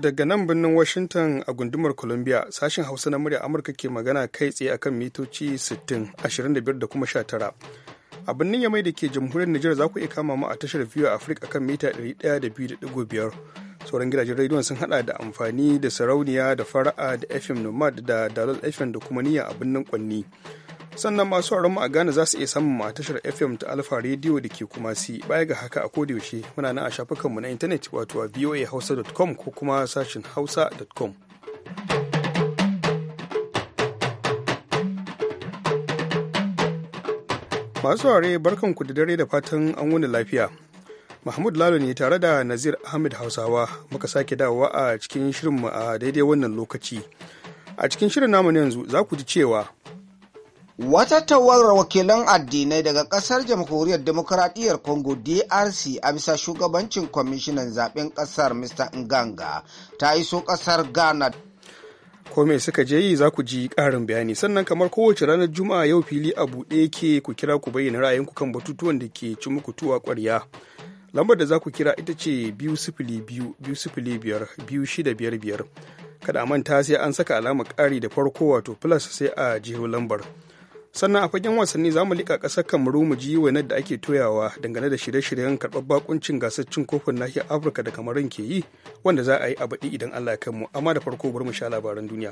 Daga nan birnin Washington a gundumar Columbia sashen Hausa na murya Amurka ke magana kai tsaye akan mitoci 60, 25 da kuma 19. A birnin Yamai da ke jamhuriyar Nijar za ku iya kama mu a tashar Viewer Africa akan mita 102.5. Sauran gidajen rediyon sun hada da amfani da sarauniya da fara'a da FM Nomad da dalal FM da kuma niyya a birnin Kwanni. sannan masu mu a Ghana za su iya samun ma tashar FM ta Alfa Radio da ke kuma si baya ga haka a yaushe muna nan a shafukanmu na intanet wato a voahausa.com ko kuma sashin hausa.com. Masu ware barkanku da dare da fatan an wuni lafiya. Mahmud Lalo ne tare da Nazir Ahmed Hausawa muka sake dawowa a cikin shirinmu a daidai wannan lokaci. A cikin shirin namu yanzu za ku ji cewa Wata tawarar wakilan addinai daga kasar jamhuriyar demokuraɗiyyar Congo DRC a bisa shugabancin kwamishinan zaɓen ƙasar Mr. Nganga ta iso ƙasar Ghana. komai suka je yi za ku ji ƙarin bayani sannan kamar kowace ranar Juma'a yau fili a buɗe ke ku kira ku bayyana ra'ayinku kan batutuwan da ke ci muku tuwa ƙwarya. Lambar da za ku kira ita ce biyu sifili biyu biyu sifili biyar biyu shida biyar biyar. Kada a manta sai an saka alamar ƙari da farko wato plus sai a jiho lambar. sannan a fagen wasanni za mu liƙa ƙasar kamaru mu ji wainar da ake toyawa dangane da shirye-shiryen karɓar bakuncin gasar cin kofin nahiyar afirka da kamarun ke yi wanda za a yi a baɗi idan allah ya mu amma da farko bari mu sha labaran duniya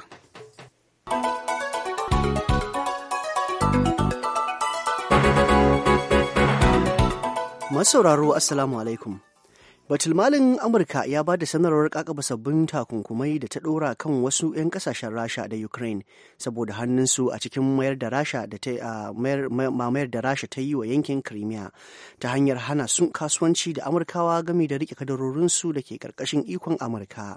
masauraro assalamu alaikum Batulmalin Amurka ya ba da sanarwar kakaba sabbin takunkumai da ta ɗora kan wasu 'yan kasashen Rasha da Ukraine saboda hannunsu a cikin mayar da Rasha da ta mamayar da Rasha ta yi wa yankin Crimea ta hanyar hana sun kasuwanci da Amurkawa gami da rike kadarorinsu da ke ƙarƙashin ikon Amurka.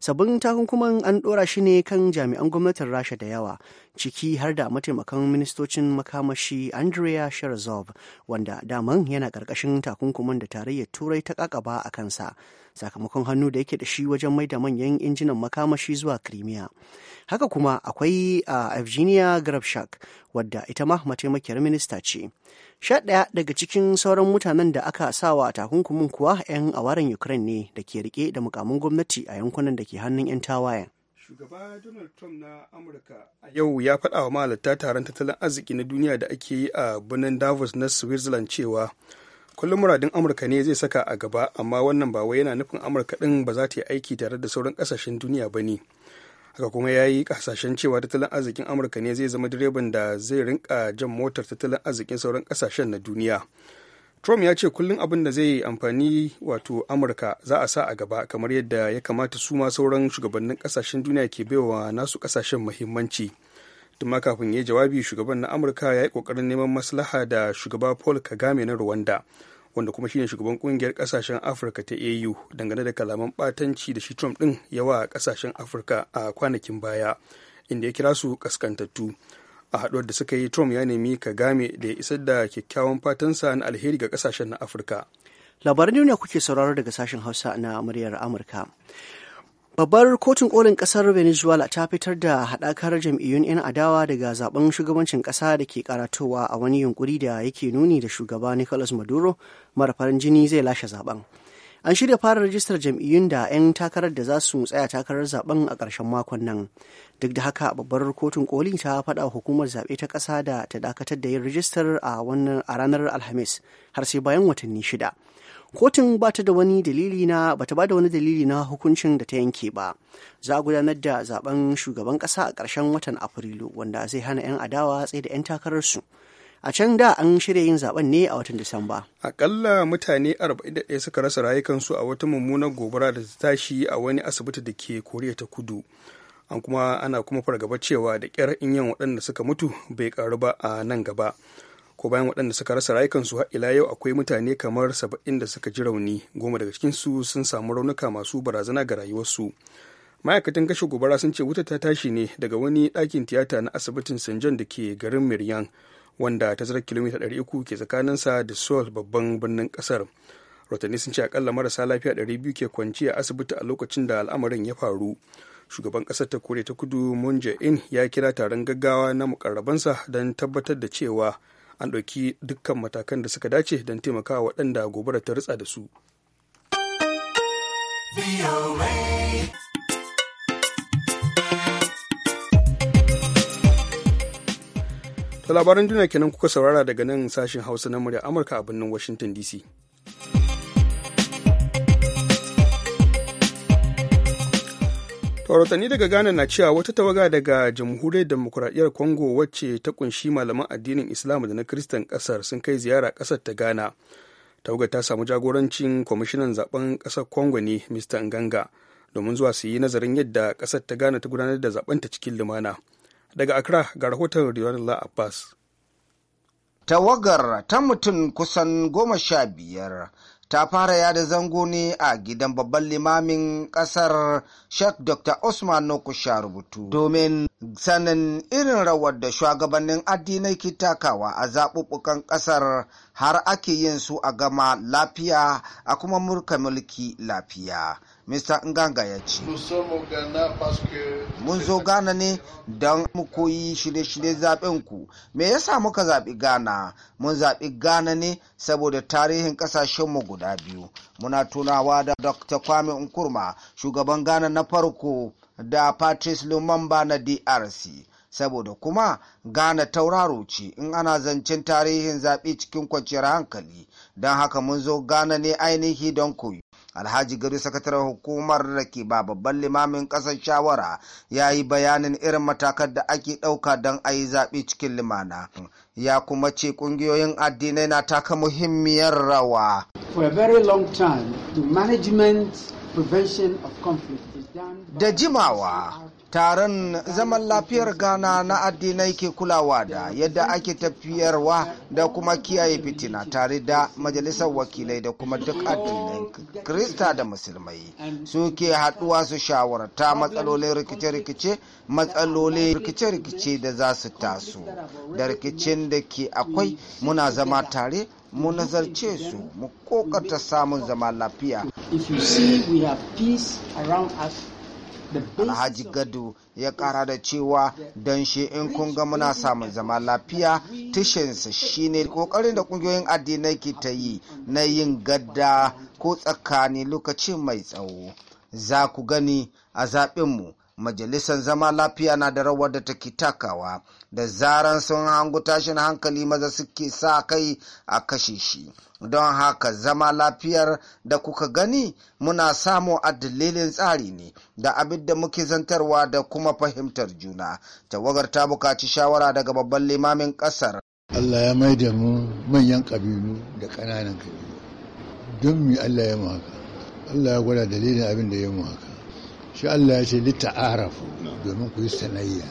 Sabon takunkuman an ɗora shi ne kan jami'an gwamnatin Rasha da yawa, ciki har da mataimakan ministocin makamashi Andrea Sherzov, wanda daman yana ƙarƙashin takunkuman da tarayyar Turai ta ƙaƙaba a kansa. sakamakon hannu da yake da shi wajen mai da manyan injinan makamashi zuwa kirimiya Haka kuma akwai a virginia Grabshak wadda ita ma mataimakiyar minista ce. Sha ɗaya daga cikin sauran mutanen da aka sawa a takunkumin kuwa 'yan awaren Ukraine ne da ke rike da mukamin gwamnati a yankunan da ke hannun 'yan tawayen. shugaba donald trump na amurka a yau ya faɗa wa mahalarta taron tattalin arziki na duniya da ake yi a birnin davos na switzerland cewa kullum muradin amurka ne zai saka a gaba amma wannan ba wai yana nufin amurka din ba za ta yi aiki tare da sauran kasashen duniya ba ne haka kuma ya yi kasashen cewa tattalin arzikin amurka ne zai zama direban da zai rinka jan motar tattalin arzikin sauran kasashen na duniya trump ya ce kullum abin da zai amfani wato amurka za a sa a gaba kamar yadda ya kamata su ma sauran shugabannin kasashen duniya ke baiwa nasu kasashen muhimmanci tumma kafin ya jawabi shugaban na amurka ya yi kokarin neman maslaha da shugaba paul kagame na rwanda wanda kuma shine shugaban kungiyar kasashen afirka ta au dangane da kalaman batanci da shi trump din yawa kasashen afirka a kwanakin baya inda ya kira su kaskantattu a haduwar da suka yi trump ya nemi kagame da ya isar da kyakkyawan fatansa na alheri ga kasashen na afirka labaran duniya kuke sauraro daga sashen hausa na muryar amurka Babbar kotun kolin ƙasar Venezuela ta fitar da haɗakar jam'iyyun 'yan adawa daga zaben shugabancin ƙasa da ke karatowa a wani yunkuri da yake nuni da shugaba Nicolas Maduro mara farin jini zai lashe zaben. An shirya fara rajistar jam'iyyun da 'yan takarar da za su tsaya takarar zaben a ƙarshen makon nan. Duk da haka babbar kotun koli ta faɗa hukumar zaɓe ta ƙasa da ta dakatar da yin rajistar a ranar Alhamis har sai bayan watanni shida. kotun ba ta da wani dalili na ba ta ba da wani dalili na hukuncin da ta yanke ba za a gudanar da zaben shugaban kasa a ƙarshen watan afrilu wanda zai hana 'yan adawa tsaye da 'yan takararsu a can da an shirya yin zaben ne a watan disamba akalla mutane 41 suka rasa rayukansu a wata mummunar gobara da ta tashi a wani asibiti da ke koriya ta kudu an kuma ana kuma fargaba cewa da ƙyar in yan waɗanda suka mutu bai ƙaru ba a nan gaba ko bayan waɗanda suka rasa rayukansu har ila yau akwai mutane kamar saba'in da suka ji rauni goma daga cikinsu sun samu raunuka masu barazana ga rayuwarsu ma'aikatan kashe gobara sun ce wuta ta tashi ne daga wani ɗakin tiyata na asibitin st john da ke garin miryan wanda tazarar kilomita 300 ke tsakaninsa da seoul babban birnin ƙasar rotanni sun ce akalla marasa lafiya 200 ke kwanci a asibiti a lokacin da al'amarin ya faru shugaban ƙasar ta kore ta kudu moon in ya kira taron gaggawa na mukarrabansa don tabbatar da cewa an ɗauki dukkan matakan da suka dace don taimakawa waɗanda gobara ta rutsa da su ta labaran duniya kenan kuka saurara daga nan sashen hausa na murya amurka a birnin washington dc rahotanni daga ghana na cewa wata tawaga daga jamhuriyar demokuraɗiyyar congo wacce ta kunshi malaman addinin islam da na kiristan ƙasar sun kai ziyara ƙasar ta ghana tawagar ta samu jagorancin kwamishinan zaben ƙasar congo ne mr nganga domin zuwa su yi nazarin yadda ƙasar ta ghana ta gudanar da zaben ta cikin lumana daga accra ga rahoton riwanullah abbas tawagar ta mutum kusan goma sha biyar ta fara yada zango ne a gidan babban limamin kasar Sheikh Dr. Usman Nokusha rubutu domin sanin irin rawar da shugabannin addinai ke takawa a zaɓuɓɓukan ƙasar har ake yin su a gama lafiya a kuma murka mulki lafiya. Mr. Nganga ya ce. Mun zo Ghana ne don mu koyi shirye-shirye zaben ku. Me yasa muka zaɓi Ghana? Mun zaɓi Ghana ne saboda tarihin ƙasashenmu guda biyu. Muna tunawa da Dr. Kwame nkurma shugaban Ghana na farko da Patrice Lumumba na DRC. saboda kuma gane tauraro ce in ana zancen tarihin zaɓe cikin kwanciyar hankali don haka mun zo gane ne ainihi don koyi. alhaji gari sakataren hukumar da ke ba babban limamin ƙasar shawara ya yi bayanin irin matakan da ake ɗauka don a yi zaɓe cikin limana ya kuma ce ƙungiyoyin addinai na taka muhimmiyar rawa Da jimawa taron zaman lafiyar ghana na addinai ke kulawa da yadda ake tafiyarwa da kuma kiyaye fitina tare da majalisar wakilai da kuma duk addinai krista da musulmai su ke haɗuwa su shawarta matsalolin rikice-rikice matsalolin rikice-rikice da za su taso da rikicin da ke akwai muna zama tare mu nazarce su mu kokata samun zama lafiya alhaji gado ya kara da cewa don shi in kun ga muna samun zama lafiya tushensa shine kokarin da kungiyoyin addinai ke ta yi na yin gadda ko tsakani lokaci mai tsawo za ku gani a zaɓinmu majalisar zama lafiya na da rawar da take takawa da zaran sun hangu tashin hankali maza suke sa kai a kashe shi don haka zama lafiyar da kuka gani muna samu a dalilin tsari ne da abin da muke zantarwa da kuma fahimtar juna tawagar ta bukaci shawara daga babban limamin kasar allah ya mai da mu manyan kabilu da ƙananan kabilu don mi allah ya mu haka allah ya gwada dalilin abin da ya mu haka shi Allah ya ce lita'arafu domin ku yi sanayya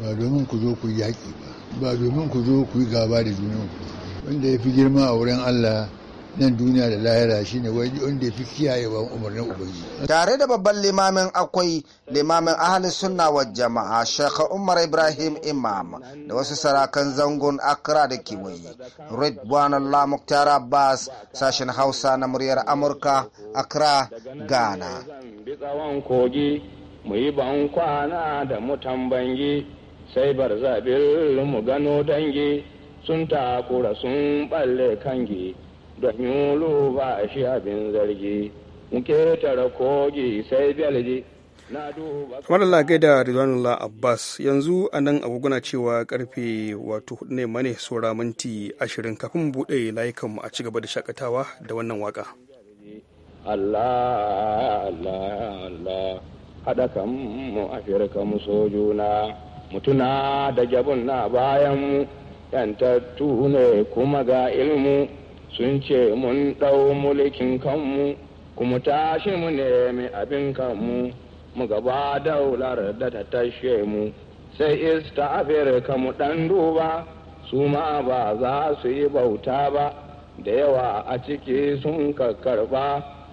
ba domin ku zo ku yaƙi ba ba domin ku zo ku yi gaba da junanku wanda ya fi girma a wurin Allah nan duniya da lahira shine wani wanda fi kiyayewa umarnin ubangi tare da babban limamin akwai limamin ahalin sunna wa jama'a shaka umar ibrahim imam da wasu sarakan zangon accra da Kiwai, redwan allah muktar abbas sashen hausa na muryar amurka accra ghana mu yi ban kwana da mutan sai sai barzabil mu gano dangi sun takura sun balle kangi domin lu ba shi abin zargi muke tara kogi sai belji kamar Allah gaida Ridwanullah Abbas yanzu a nan agogona cewa karfe wato ne mane saura minti ashirin kafin buɗe layukanmu a cigaba da shakatawa da wannan waka. Allah Allah Allah haɗa kan mu Afirka mu so juna mutuna da jabun na bayan mu ne kuma ga ilmu sun ce mun ɗau mulkin kanmu kuma tashi mu nemi abin kanmu mu gaba daular da ta tashe mu sai ista afirka mu ɗan duba su ma ba za su yi bauta ba da yawa a ciki sun ba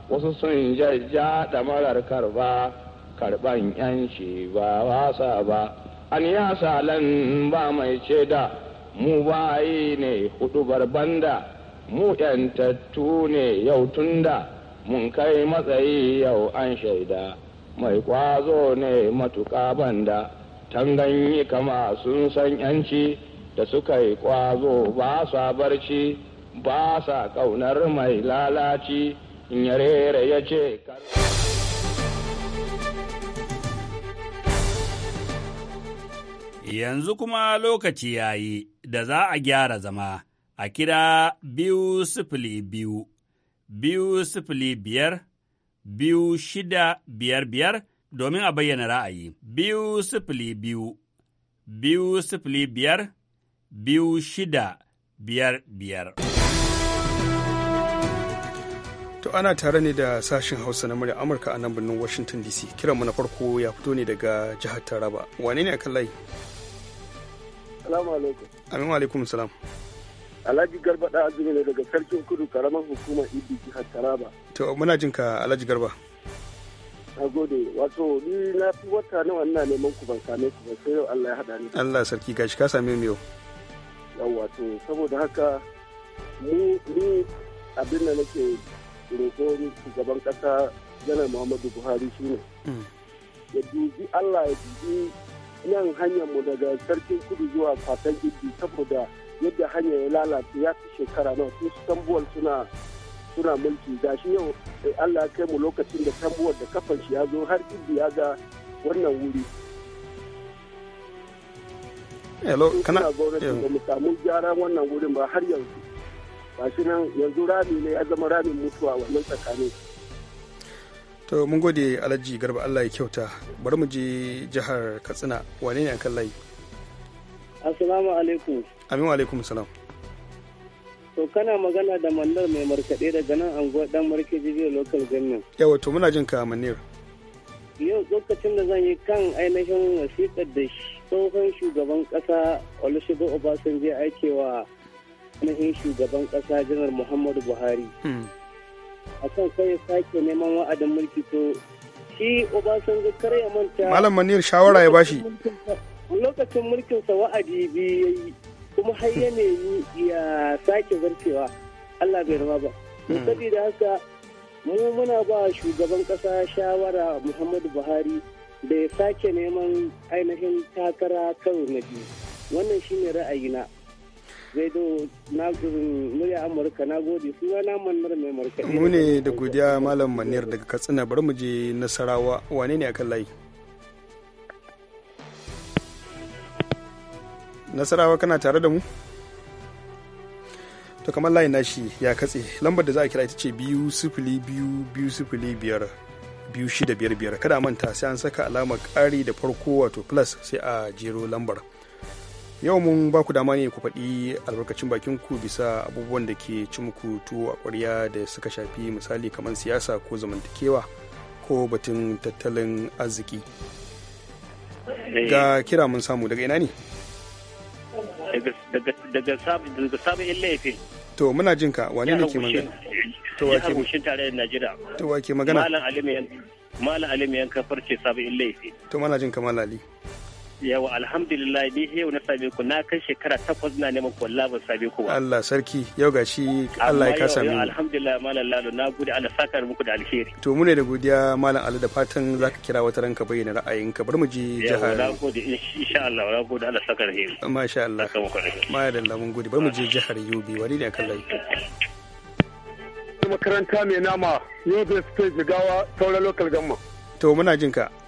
wasu sun jajja da marar karba karban yanci ba wasa ba an yasa lan ba mai ce da mu bayi ne hudu barbanda mu ‘yantattu ne yau tunda mun kai matsayi yau an shaida mai kwazo ne matuƙa banda tanganyi kama sun san ‘yanci da suka yi kwazo ba sa barci ba sa ƙaunar mai lalaci in yare ya ce Yanzu kuma lokaci ya yi da za a gyara zama. a kira biyu sifili biyu, biyu sifili biyar, biyu shida biyar biyar domin a bayyana ra'ayi. Biyu sifili biyu, biyu sifili biyar, biyu shida biyar biyar. To ana tare ne da sashen Hausa na murya Amurka a nan birnin Washington DC. Kiranmu na farko ya fito ne daga jihar Taraba. Wane ne a kan layi? Salamu alaikum. Amin alaikum salam. Alhaji Garba da azumi ne daga sarkin kudu karamar hukumar Ibi jihar Taraba. To muna jin ka Alhaji Garba. Na gode wato ni na fi wata nawa ina neman ku ban same ku ba sai yau Allah ya haɗa ni. Allah sarki gashi ka same mu yau. Yawwa to saboda haka ni ni abin da nake roƙo shugaban ƙasa janar Muhammadu Buhari shine. Mm. Ya dubi Allah ya dubi nan hanyar mu daga sarkin kudu zuwa fatan Ibi saboda yadda hanya ya lalace ya fi shekara nawa su tambuwar suna suna mulki shi yau eh, Allah ya kai mu lokacin da tambuwar da kafan shi ya zo har ibi ya ga wannan wuri hello kana ba mu samu gyara wannan wurin ba har yanzu shi nan yanzu rami ne ya zama ramin mutuwa wannan tsakanin to mun gode alhaji garba Allah ya kyauta bari mu je jihar Katsina wane ne an kan layi Assalamu alaikum. Amin wa alaikum salam. To kana magana da mallar mai markaɗe daga nan gwa dan marke jijiyar local government. Yawa to muna jin ka Mannar. Yau lokacin da zan yi kan ainihin wasiƙar da tsohon shugaban ƙasa Olusegun Obasanjo ya wa ainihin shugaban ƙasa Janar Muhammadu Buhari. Hmm. A kan kai sake neman wa'adin mulki to shi Obasanjo kar ya manta. Malam Manir shawara ya bashi. lokacin mulkinsa wa'adi biyu ya yi kuma har ya nemi ya sake zartewa Allah bai rama ba. Hmm. Saboda haka mu muna ba shugaban kasa shawara Muhammadu Buhari da ya sake neman ainihin takara karo na biyu. Wannan shi ra'ayina. ra'ayi na murya Amurka na gode suna na manar mai markaɗe. Mu ne da godiya Malam Manir daga Katsina bari mu je Nasarawa wane ne akan layi? nasarawa kana tare da mu to kamar layin nashi ya katse lambar da za a kira ita ce biyu sifili biyu biyu sifili biyar biyu shida biyar biyar kada manta sai an saka alamar ƙari da farko wato plus sai a jero lambar yau mun ba ku dama ne ku faɗi albarkacin bakin ku bisa abubuwan da ke ci muku tuwo a ƙwarya da suka shafi misali kamar siyasa ko zamantakewa ko batun tattalin arziki ga kira mun samu daga ina ne daga sabon yin laifin to muna jin ka wane ne ke magana to wa ke mushin tare da najeriya to wa ke magana malam alimi yan malam alimi yan kafar ce sabon yan laifin to muna jin ka malam ali yawa alhamdulillah ni yau na same ku na kan shekara takwas na neman ko labar ban same ku ba Allah sarki yau gashi Allah ya kasa mu alhamdulillah malam lalo na gode Allah saka muku da alheri to mu ne da godiya malam Ali da fatan zaka kira wata ranka bayyana ra'ayinka bar mu ji jihar na gode insha Allah na gode Allah saka alheri masha Allah ma ya dalla mun gode bar mu ji jihar Yobe wani ne kallai makaranta mai nama Yobe State Jigawa sauran local gamma to muna jinka. ka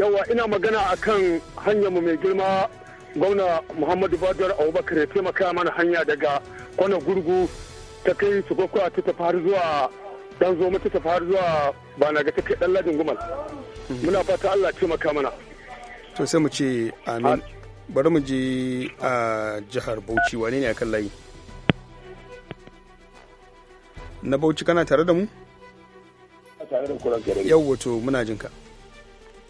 yawa ina magana a kan mu mai girma gwamna muhammadu badar abubakar ya taimaka mana hanya daga kwana gurgu ta kai su gwakwa ta tafi har zuwa dan zoma ta tafi har zuwa ba na ga ta kai dan ladin gumal muna fata allah taimaka mana to sai mu ce amin bari mu je a jihar bauchi wane ne akan layi na bauchi kana tare da mu tare da kuran yau wato muna jinka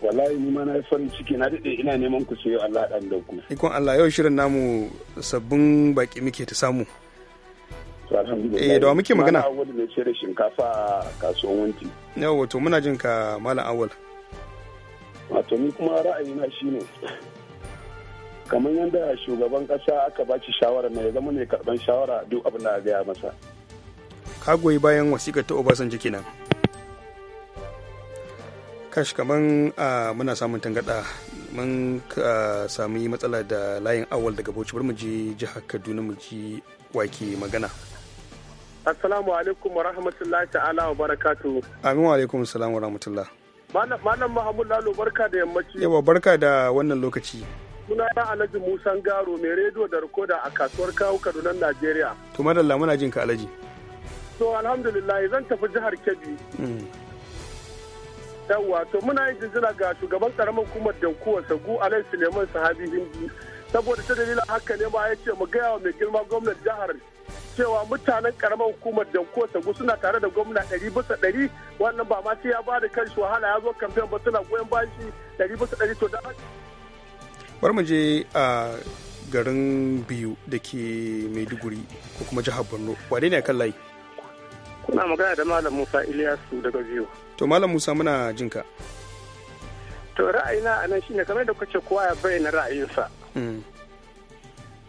wallahi ni ma na yi farin ciki na daɗe ina neman ku sayo Allah ɗan da ku. Ikon Allah yau shirin namu sabbin baki muke ta samu. Eh da muke magana. Malam sai shinkafa a kasuwan wanti. Yau wato muna jin ka Malam Awal. Wato ni kuma ra'ayina shine kamar yadda shugaban kasa aka ba shi shawara mai zama ne karban shawara duk abin da ya masa. Ka goyi bayan wasiƙar ta Obasanjo kenan. kashi kaman ah, muna samun tangada mun ah, sami matsala da layin awal daga bauchi bari mu ji jihar kaduna mu ji wake magana assalamu alaikum wa rahmatullahi ta'ala wa barakatu amin wa alaikum salamu wa rahmatullah malam mahamud lalo barka da yammaci yawa barka da wannan lokaci suna ya alhaji musan garo mai rediyo da rikoda a kasuwar kawo kaduna najeriya to madalla muna jin ka alhaji to alhamdulillah zan tafi jihar kebbi mm. yawwa to muna yin jinjina ga shugaban karamar hukumar dankuwa sagu alai suleiman sahabi hindi saboda ta dalilin haka ne ma ya ce mu gaya wa mai girma gwamnan jihar cewa mutanen karamar hukumar dankuwa sagu suna tare da gwamna ɗari bisa ɗari wannan ba ma sai ya ba da kanshi wahala ya zo kamfen ba suna goyon bashi ɗari bisa ɗari to da bar mu je a garin biyu da ke maiduguri ko kuma jihar borno wane ne kan layi kuna magana da malam musa iliyasu daga biyu to malam musa muna jin ka to ra'ayina a nan shine kamar da kuce kowa ya bayyana ra'ayinsa hmm.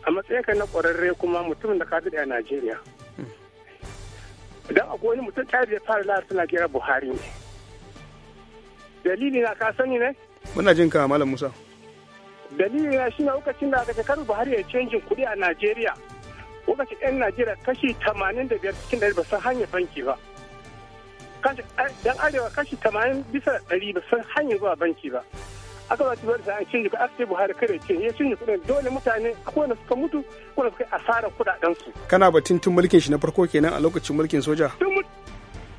a matsayin ka na ƙwararre kuma mutumin da ka daɗe a najeriya idan akwai wani mutum tare da fara lahar suna gera buhari ne dalili na ka sani ne muna jin ka malam musa dalili na shi na lokacin da aka shekaru buhari ya canjin kuɗi a najeriya lokacin 'yan najeriya kashi 85 cikin 100 ba san hanyar banki ba Eh, dan arewa kashi tamanin bisa ɗari ba san hanyar zuwa banki ba aka ba tibar da an cinye ka ake buhari kare ce ya cinye kuɗin dole mutane akwai wanda suka mutu ko suka asara kuɗaɗen su kana batun tun mulkin shi na farko kenan a lokacin mulkin soja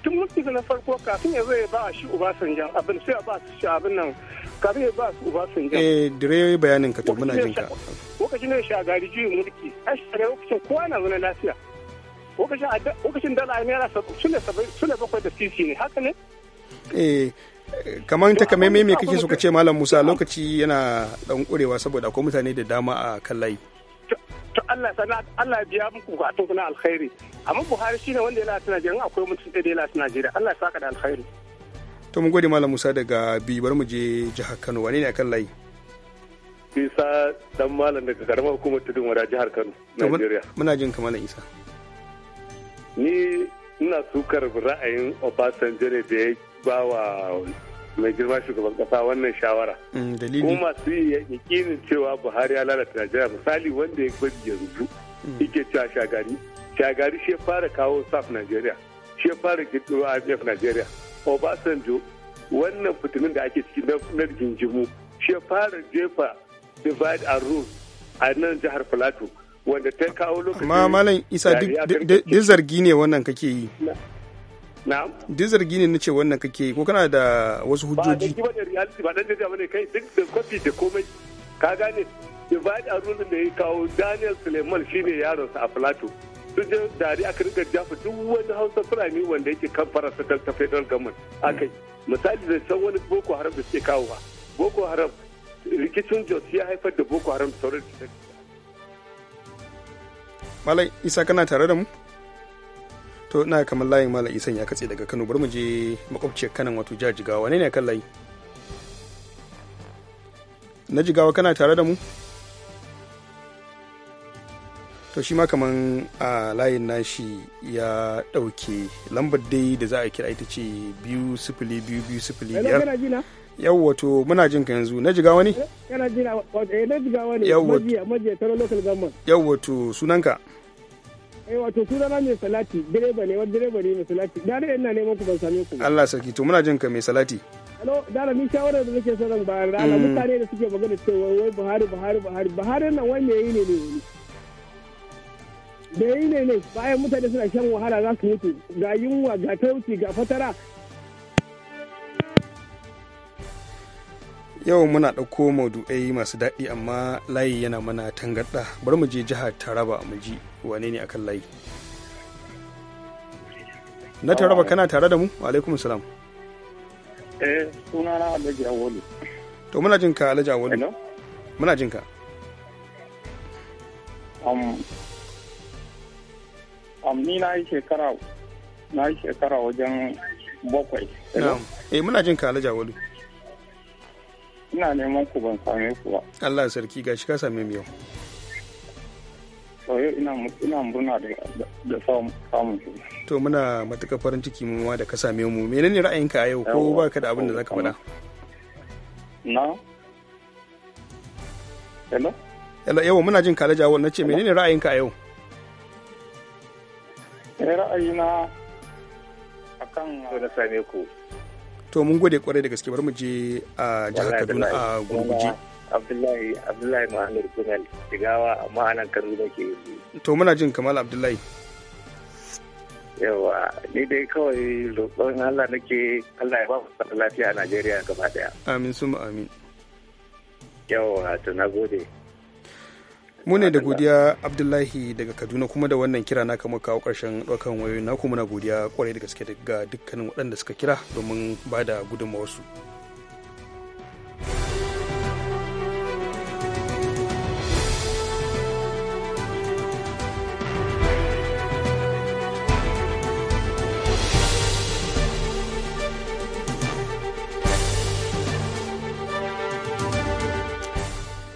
tun mulkin na farko kafin ya zo ya ba shi obasanjan abin sai a ba shi abin nan kafin ya ba su obasanjan eh dire bayanin ka to muna jinka lokacin ne shagari juyin mulki a a lokacin kowa na zuna lafiya lokacin dala naira sule bakwai da sisi ne haka ne eh kamar ta kame me kake so ka ce malam musa lokaci yana dan kurewa saboda akwai mutane da dama a kan layi to Allah sana Allah biya muku bukatun kuna alkhairi amma Buhari shine wanda yana lati Najeriya akwai mutum da yana lati jira Allah saka da alkhairi to mun gode malam Musa daga bi bar mu je jihar Kano wane ne akan layi Isa dan malam daga karamar hukumar Tudun Wada jihar Kano Najeriya muna jin kamar Isa ni ina sukar ra'ayin obasanjo ne da ya ba wa mai girma shugaban kasa wannan shawara mm, kuma masu yakinin cewa buhari ya lalata najeriya misali wanda ya gwada yanzu mm. yake cewa shagari shagari shi fara kawo saf najeriya shi fara gido imf najeriya obasanjo wannan fitinin da ake ciki na jinjimu. shi fara jefa divide and rule a nan jihar plateau wanda ta kawo lokacin ma malam isa duk zargi ne wannan kake yi na'am duk zargi ne nace wannan kake yi ko kana da wasu hujjoji ba da reality ba dan da bane kai duk da kofi da komai ka gane divide a rulin da ya kawo Daniel Suleiman shine yaron sa a Plateau su je dari aka riga jafa duk wani Hausa Fulani wanda yake kan farasa ta federal government akai misali da san wani Boko Haram da suke kawowa Boko Haram rikicin Jos ya haifar da Boko Haram sauran malai Isa kana tare da mu? To ina kamar layin malai Isan ya katse daga Kano bar mu je makwabciyar Kanan wato jihar Jigawa ne ne kan layi? Na Jigawa kana tare da mu? To shi ma kaman a layin nashi ya ɗauke lambar dai da za a kira ita ce biyu sifili biyu biyu sifili biyar. yau wato muna jin ka yanzu na jiga wani eh, kana jin wato eh, na jiga wani yau wato majiya majiya local government yau wato sunanka eh wato sunana mai salati direba ne wani direba ne mai salati dare ina neman ku ban same ku Allah sarki to muna jin ka mai salati alo dala ni shawara da nake so ba bayar da mm. mutane da suke magana cewa wai Buhari Buhari Buhari Buhari nan wai me yi ne ne da yi ne ne bayan mutane suna shan wahala za su mutu ga yunwa ga talauci ga fatara yau muna ɗauko maudu'ai masu daɗi amma layi yana mana tangarɗa bari mu je jihar taraba mu ji wane ne akan layi na taraba kana tare da mu alaikum salam eh sunana alhaji awolu to muna jin ka alhaji awolu muna jin ka um, um, ni na yi shekara na yi shekara wajen bakwai eh muna jin ka alhaji awolu ina neman ku ban same ku ba Allah sarki gashi ka same mu yau to yau ina ina murna da da samun ku to muna matuƙar farin ciki mu ma da ka same mu menene ra'ayinka a yau ko ba ka da abin da zaka faɗa na hello hello yau muna jin kalaja wannan ce menene ra'ayinka a yau eh, ra'ayina akan da same ku to mun gode kwarai da gaske bar mu je a jihar kaduna a gurguje abdullahi abdullahi muhammad kunal shigawa amma anan kaduna ke to muna jin kamal abdullahi yawa ni dai kawai roƙon allah nake allah ya ba mu lafiya a najeriya gaba daya amin suma amin yawa to na gode mu ne da godiya abdullahi daga kaduna kuma da wannan kira na kama kawo karshen ɗaukan na kuma na godiya kwarai da gaske daga dukkanin waɗanda suka kira domin ba da gudunmawarsu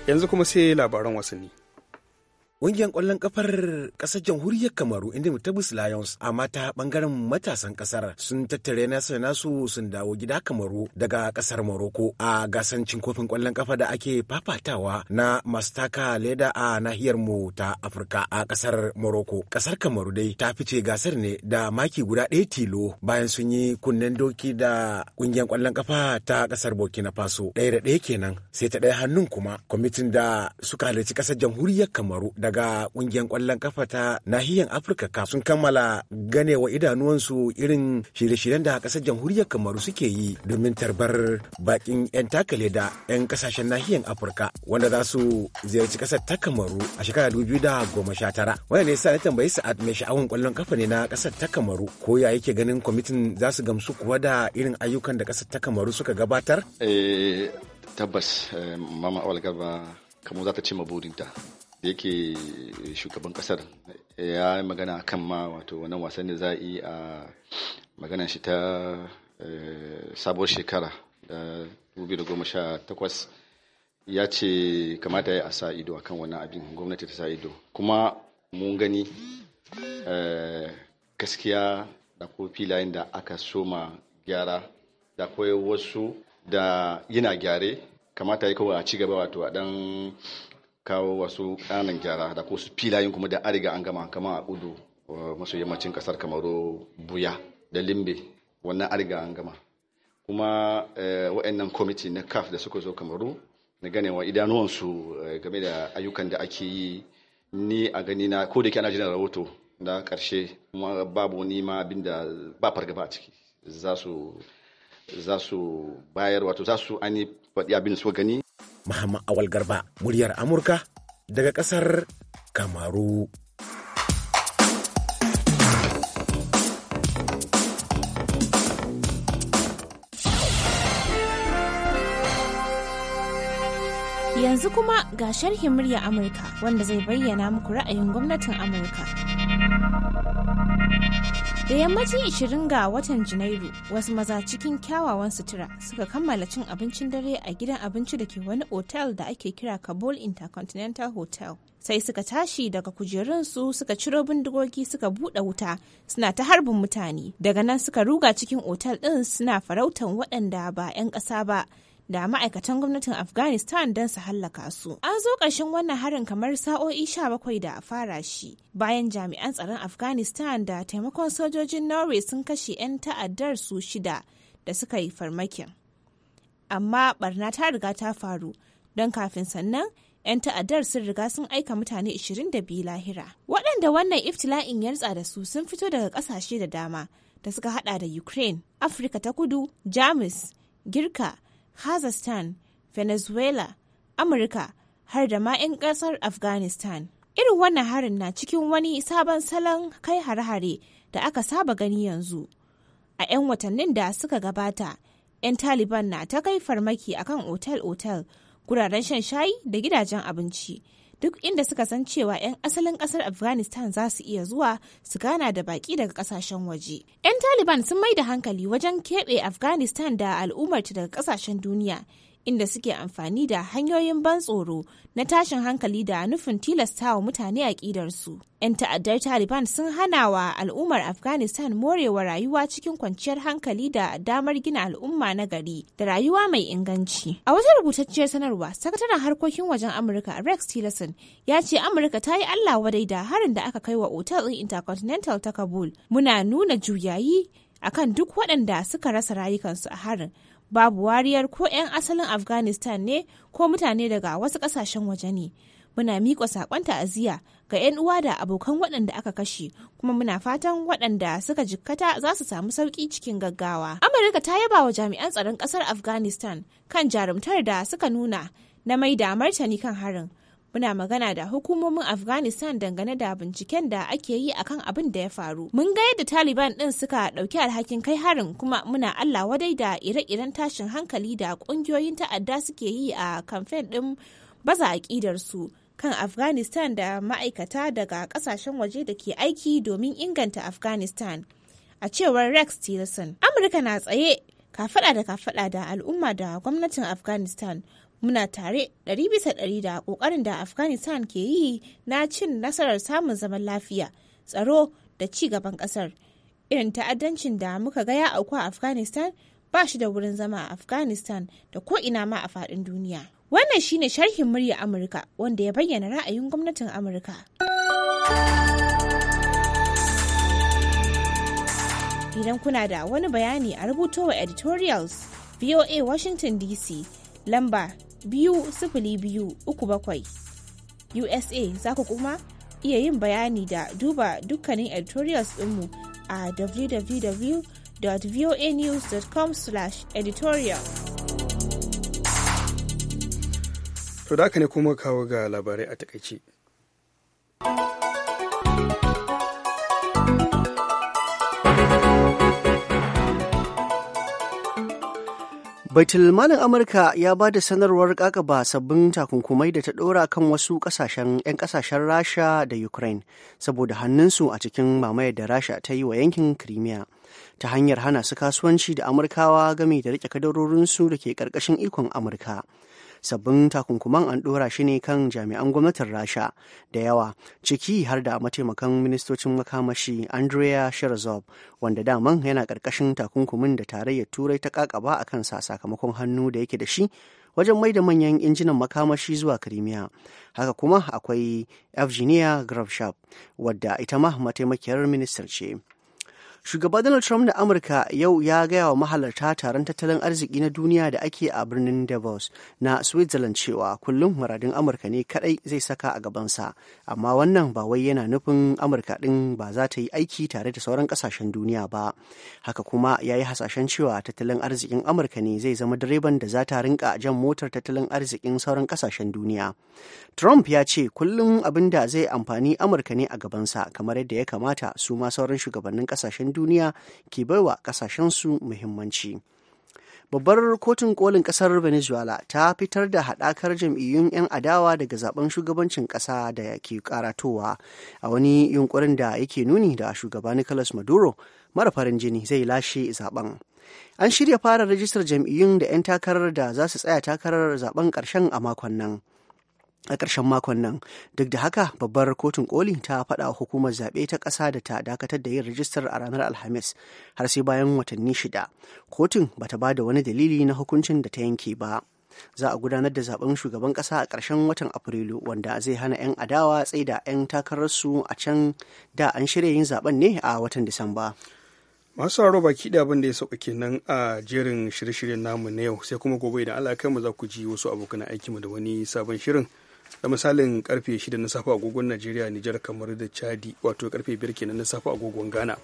yanzu kuma sai labaran wasanni Ƙungiyar ƙwallon ƙafar ƙasar jamhuriyar Kamaru inda Indomitable Lions amma ta ɓangaren matasan ƙasar sun tattare nasa nasu sun dawo gida Kamaru daga ƙasar Morocco a gasan cin kofin ƙwallon ƙafa da ake fafatawa na Mastaka Leda a nahiyar mu ta Afirka a ƙasar Morocco. Ƙasar Kamaru dai ta fice gasar ne da maki guda ɗaya tilo bayan sun yi kunnen doki da ƙungiyar ƙwallon ƙafa ta ƙasar Burkina Faso ɗaya da ɗaya kenan sai ta ɗaya hannun kuma kwamitin da suka halarci ƙasar jamhuriyar Kamaru daga ƙungiyar ƙwallon kafa ta nahiyar Afirka ka sun kammala ganewa idanuwansu irin shirye-shiryen da kasar jamhuriyar Kamaru suke yi domin tarbar bakin 'yan takale da 'yan kasashen nahiyar Afirka wanda za su ziyarci kasar ta Kamaru a shekara 2019. Wanda ne sa na tambayi Sa'ad mai sha'awun ƙwallon kafa ne na kasar ta Kamaru ko ya yake ganin kwamitin za su gamsu kuwa da irin ayyukan da ƙasar ta Kamaru suka gabatar? Eh, tabbas eh, mama awal garba kamar za ta ce burinta da yake shugaban kasar ya yi magana kan ma wato wannan wasan da za a yi a magana shi ta eh, sabuwar shekara da 2018 ya ce kamata ya sa ido a kan wannan abin gwamnati ta sa ido kuma mun gani eh, gaskiya da ko filayen da aka soma gyara da koyo wasu da yana gyare kamata ya kawai a cigaba wato a dan kawo wasu ƙanan gyara da ko su filayen kuma da ariga an gama kamar a kudu eh, maso yammacin kasar kamaru buya da limbe wannan ariga an gama kuma eh, wa'annan kwamiti na caf da suka zo kamaru na ganewa idanuwansu eh, game da ayyukan da ake yi ni a gani na ko da ana jiran rahoto na karshe kuma babu nima abin da ba fargaba a ciki za su bayar wato za su an yi faɗi abin da suka gani Muhammad Awal Garba, muryar Amurka daga ƙasar Kamaru. Yanzu kuma ga sharhin murya Amurka wanda zai bayyana muku ra'ayin gwamnatin Amurka. Da yammacin 20 ga watan Janairu, wasu maza cikin kyawawan sutura suka kammala cin abincin dare a gidan abinci da ke wani otel da ake kira Kabul Intercontinental Hotel. Sai suka tashi daga kujerunsu suka ciro bindigogi suka buɗe wuta suna ta harbin mutane. Daga nan suka ruga cikin otel ɗin suna farautan waɗanda ba 'yan ƙasa ba. da ma'aikatan gwamnatin afghanistan don su hallaka su an zo ƙarshen wannan harin kamar sa'o'i 17 da a fara shi bayan jami'an tsaron afghanistan da taimakon sojojin norway sun kashe 'yan ta'addar su shida da suka yi farmakin amma barna ta riga ta faru don kafin sannan 'yan ta'addar sun riga sun aika mutane 22 lahira. Waɗanda wannan iftila'in ya da su sun fito daga ƙasashe da dama da suka hada da Ukraine, Afirka ta kudu, Jamus, Girka, kazakhstan venezuela amurka har da ma 'yan ƙasar afghanistan irin wannan harin na cikin wani sabon salon kai hare-hare da aka saba gani yanzu a 'yan watannin da suka gabata 'yan taliban na ta kai farmaki akan otel-otel guraren shan shayi da gidajen abinci duk inda suka san cewa 'yan asalin kasar afghanistan za su iya zuwa su gana da baki daga kasashen waje 'yan taliban sun mai da hankali wajen keɓe afghanistan da al'ummarta daga kasashen duniya inda suke amfani da hanyoyin ban tsoro na tashin hankali da nufin tilastawa mutane a ƙidarsu, 'Yan ta'addar Taliban sun hana wa al'ummar Afghanistan morewa rayuwa cikin kwanciyar hankali da damar gina al'umma na gari da rayuwa mai inganci. A wata rubutacciyar sanarwa, sakataren harkokin wajen Amurka Rex Tillerson ya ce Amurka ta yi Allah wadai da harin da aka kai wa otal ɗin Intercontinental ta Kabul. Muna nuna juyayi akan duk waɗanda suka rasa rayukansu a harin babu wariyar ko 'yan asalin afghanistan ne ko mutane daga wasu kasashen waje ne muna miƙa saƙon ta'aziyya ga 'yan uwa da abokan waɗanda aka kashe kuma muna fatan waɗanda suka jikkata za su samu sauƙi cikin gaggawa amurka ta yaba wa jami'an tsaron ƙasar afghanistan kan jarumtar da suka nuna na mai da martani kan harin muna magana da hukumomin afghanistan dangane da binciken da ake yi akan abin da ya faru mun ga yadda taliban din suka dauki alhakin kai harin kuma muna allah wadai da ire-iren tashin hankali da kungiyoyin ta'adda suke yi a kamfen din baza aƙidar su kan afghanistan da ma'aikata daga kasashen waje da ke aiki domin inganta afghanistan a cewar rex tilson amurka na tsaye kafada da kafada da al'umma da gwamnatin afghanistan muna tare ɗari bisa ɗari da ƙoƙarin da afghanistan ke yi na cin nasarar samun zaman lafiya tsaro da ci gaban ƙasar irin ta'addancin da muka gaya ya auku a afghanistan ba shi da wurin zama a afghanistan da ko ina ma a faɗin duniya wannan shine sharhin murya amurka wanda ya bayyana ra'ayin gwamnatin amurka idan kuna da wani bayani a rubuto wa editorials voa washington dc lamba biyu sifili biyu uku bakwai usa za ku kuma iya yin bayani da duba dukkanin editorials ɗinmu a www.voanews.com editorial to da ne kuma kawo ga labarai a takaice. baitulmalin amurka ya ba da sanarwar kakaba sabbin takunkumai da ta dora kan wasu kasashen 'yan kasashen rasha da ukraine saboda hannunsu a cikin mamayar da rasha ta yi wa yankin crimea ta hanyar hana su kasuwanci da amurkawa game da rike kadarorinsu da ke karkashin ikon amurka sabbin takunkuman an shine shi ne kan jami'an gwamnatin rasha da yawa ciki har da mataimakan ministocin makamashi andrea sherzog wanda daman yana ƙarƙashin takunkumin da tarayyar turai ta ƙaƙaba a kansa sakamakon hannu da yake da shi wajen mai da manyan injinan makamashi zuwa kirimiya haka kuma akwai evgenia grafshap wadda ita ma mataimakiyar ministar ce shugaban Donald Trump na Amurka yau ya gaya wa mahalarta taron tattalin arziki na duniya da ake a birnin Davos na Switzerland cewa kullum muradin Amurka ne kadai zai saka a gabansa, amma wannan ba wai yana nufin Amurka din ba za ta yi aiki tare da sauran kasashen duniya ba. Haka kuma ya yi hasashen cewa tattalin arzikin Amurka ne zai zama direban da za ta rinka jan motar tattalin arzikin sauran kasashen duniya. Trump ya ce kullum abin da zai amfani Amurka ne a gabansa kamar yadda ya kamata su ma sauran shugabannin kasashen duniya ke baiwa su muhimmanci. babbar kotun kolin kasar venezuela ta fitar da haɗakar jam'iyyun 'yan adawa daga zaben shugabancin ƙasa da ke karatowa a wani yunkurin da yake nuni da shugaba nicolas maduro mara farin jini zai lashe zaben an shirya fara rajistar jam'iyyun da 'yan takarar da za su tsaya takarar zaben ƙarshen a makon nan a ƙarshen makon nan duk da haka babbar kotun koli ta faɗa hukumar zaɓe ta ƙasa da ta dakatar da yin rijistar a ranar alhamis har sai bayan watanni shida kotun bata ba da wani dalili na hukuncin da ta yanke ba za a gudanar da zaben shugaban ƙasa a ƙarshen watan afrilu wanda zai hana 'yan adawa tsaye da 'yan takararsu a can da an shirya yin zaben ne a watan disamba masu haro baki da abin da ya sauka kenan a jerin shirye-shiryen namu na yau sai kuma gobe idan Allah kai mu za ku ji wasu abokan aikinmu da wani sabon shirin da misalin karfe 6 na safe agogon Najeriya Nijar kamar da Chadi wato karfe 5 kenan na safe agogon Ghana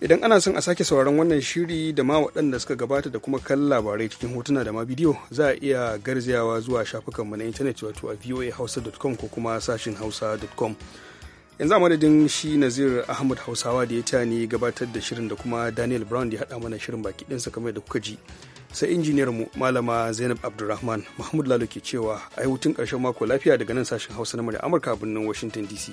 idan ana son a sake sauraron wannan shiri da ma waɗanda suka gabata da kuma kan labarai cikin hotuna da ma bidiyo za a iya garzayawa zuwa shafukanmu na intanet wato a voahausa.com ko kuma sashin hausa.com yanzu a madadin shi nazir ahmad hausawa da ya tani gabatar da shirin da kuma daniel brown ya haɗa mana shirin baki ɗinsa kamar da kuka ji sai injiniyar mu malama zainab abdulrahman mahmud lalo ke cewa a hutun ƙarshen mako lafiya daga nan sashen hausa na murya amurka birnin washington dc